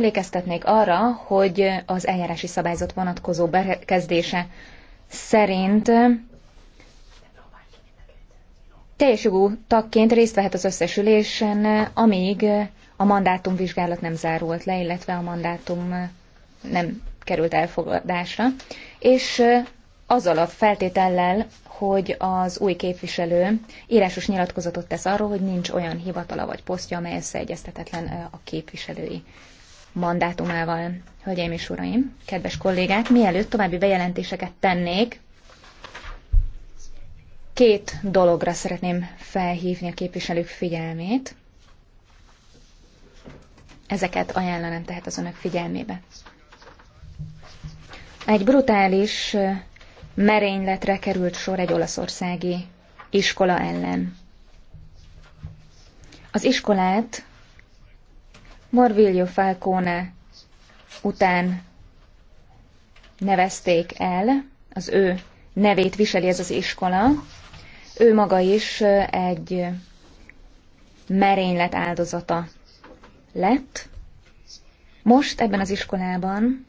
Emlékeztetnék arra, hogy az eljárási szabályzat vonatkozó bekezdése szerint teljes jogú tagként részt vehet az összes ülésen, amíg a mandátumvizsgálat nem zárult le, illetve a mandátum nem került elfogadásra, és azzal a feltétellel, hogy az új képviselő írásos nyilatkozatot tesz arról, hogy nincs olyan hivatala vagy posztja, amely összeegyeztetetlen a képviselői mandátumával. Hölgyeim és uraim, kedves kollégák, mielőtt további bejelentéseket tennék, két dologra szeretném felhívni a képviselők figyelmét. Ezeket ajánlanám tehát az önök figyelmébe. Egy brutális merényletre került sor egy olaszországi iskola ellen. Az iskolát Morvillo Falcone után nevezték el, az ő nevét viseli ez az iskola. Ő maga is egy merénylet áldozata lett. Most ebben az iskolában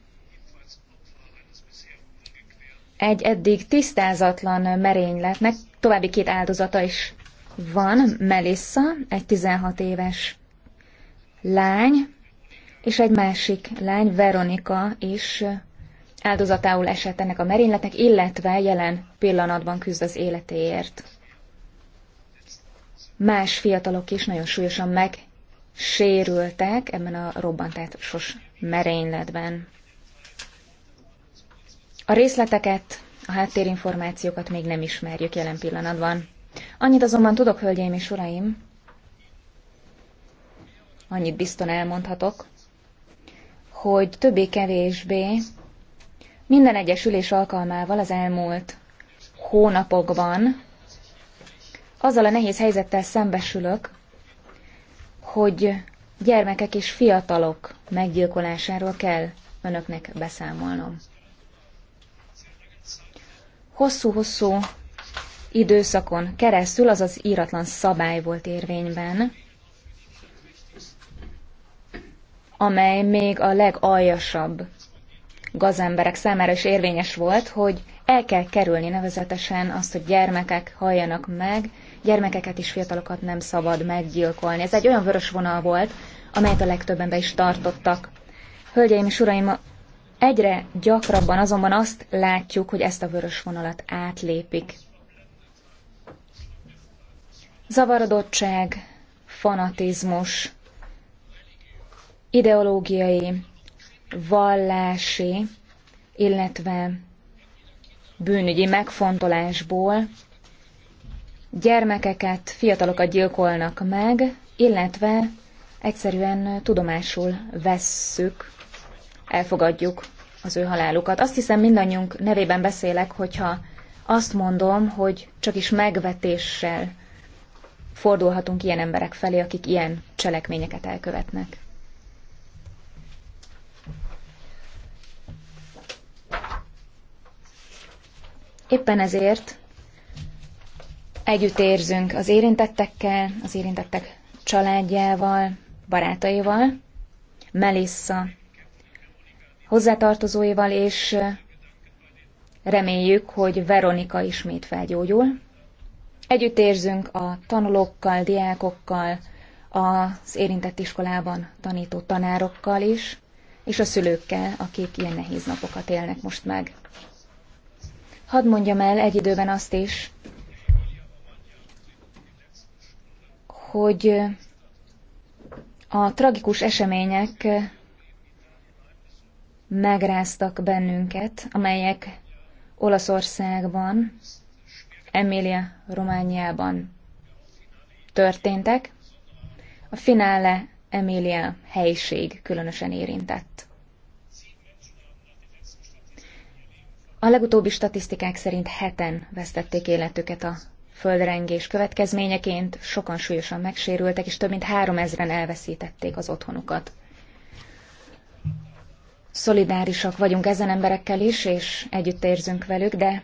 egy eddig tisztázatlan merényletnek további két áldozata is van, Melissa, egy 16 éves lány, és egy másik lány, Veronika is áldozatául esett ennek a merényletnek, illetve jelen pillanatban küzd az életéért. Más fiatalok is nagyon súlyosan megsérültek ebben a robbantásos merényletben. A részleteket, a háttérinformációkat még nem ismerjük jelen pillanatban. Annyit azonban tudok, hölgyeim és uraim, annyit bizton elmondhatok, hogy többé-kevésbé minden egyes ülés alkalmával az elmúlt hónapokban azzal a nehéz helyzettel szembesülök, hogy gyermekek és fiatalok meggyilkolásáról kell önöknek beszámolnom. Hosszú-hosszú időszakon keresztül, az íratlan szabály volt érvényben, amely még a legaljasabb gazemberek számára is érvényes volt, hogy el kell kerülni nevezetesen azt, hogy gyermekek halljanak meg, gyermekeket és fiatalokat nem szabad meggyilkolni. Ez egy olyan vörös vonal volt, amelyet a legtöbben be is tartottak. Hölgyeim és uraim, egyre gyakrabban azonban azt látjuk, hogy ezt a vörös vonalat átlépik. Zavarodottság, fanatizmus, ideológiai, vallási, illetve bűnügyi megfontolásból gyermekeket, fiatalokat gyilkolnak meg, illetve egyszerűen tudomásul vesszük, elfogadjuk az ő halálukat. Azt hiszem mindannyiunk nevében beszélek, hogyha azt mondom, hogy csak is megvetéssel fordulhatunk ilyen emberek felé, akik ilyen cselekményeket elkövetnek. Éppen ezért együtt érzünk az érintettekkel, az érintettek családjával, barátaival, Melissa hozzátartozóival, és reméljük, hogy Veronika ismét felgyógyul. Együtt érzünk a tanulókkal, diákokkal, az érintett iskolában tanító tanárokkal is, és a szülőkkel, akik ilyen nehéz napokat élnek most meg. Hadd mondjam el egy időben azt is, hogy a tragikus események megráztak bennünket, amelyek Olaszországban, Emília Romániában történtek. A finále Emília helyiség különösen érintett. A legutóbbi statisztikák szerint heten vesztették életüket a földrengés következményeként, sokan súlyosan megsérültek, és több mint három ezren elveszítették az otthonukat. Szolidárisak vagyunk ezen emberekkel is, és együtt érzünk velük, de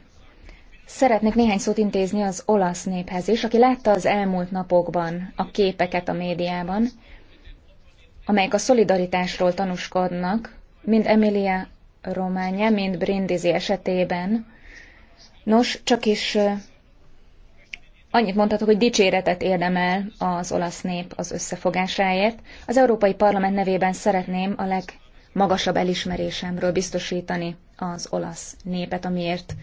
szeretnék néhány szót intézni az olasz néphez is, aki látta az elmúlt napokban a képeket a médiában, amelyek a szolidaritásról tanúskodnak, mind Emilia románja, mint Brindisi esetében. Nos, csak is annyit mondhatok, hogy dicséretet érdemel az olasz nép az összefogásáért. Az Európai Parlament nevében szeretném a legmagasabb elismerésemről biztosítani az olasz népet, amiért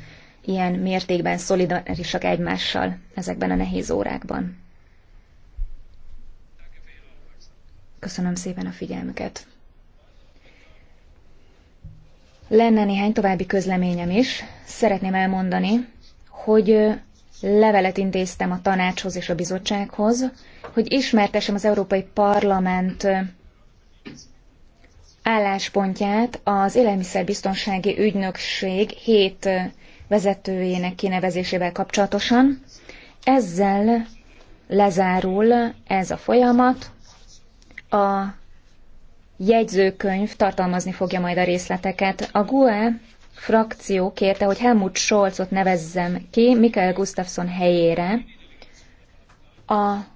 ilyen mértékben szolidarisak egymással ezekben a nehéz órákban. Köszönöm szépen a figyelmüket! Lenne néhány további közleményem is. Szeretném elmondani, hogy levelet intéztem a tanácshoz és a bizottsághoz, hogy ismertessem az Európai Parlament álláspontját az Élelmiszerbiztonsági Ügynökség hét vezetőjének kinevezésével kapcsolatosan. Ezzel lezárul ez a folyamat. A jegyzőkönyv tartalmazni fogja majd a részleteket. A GUE frakció kérte, hogy Helmut Scholzot nevezzem ki Mikael Gustafsson helyére a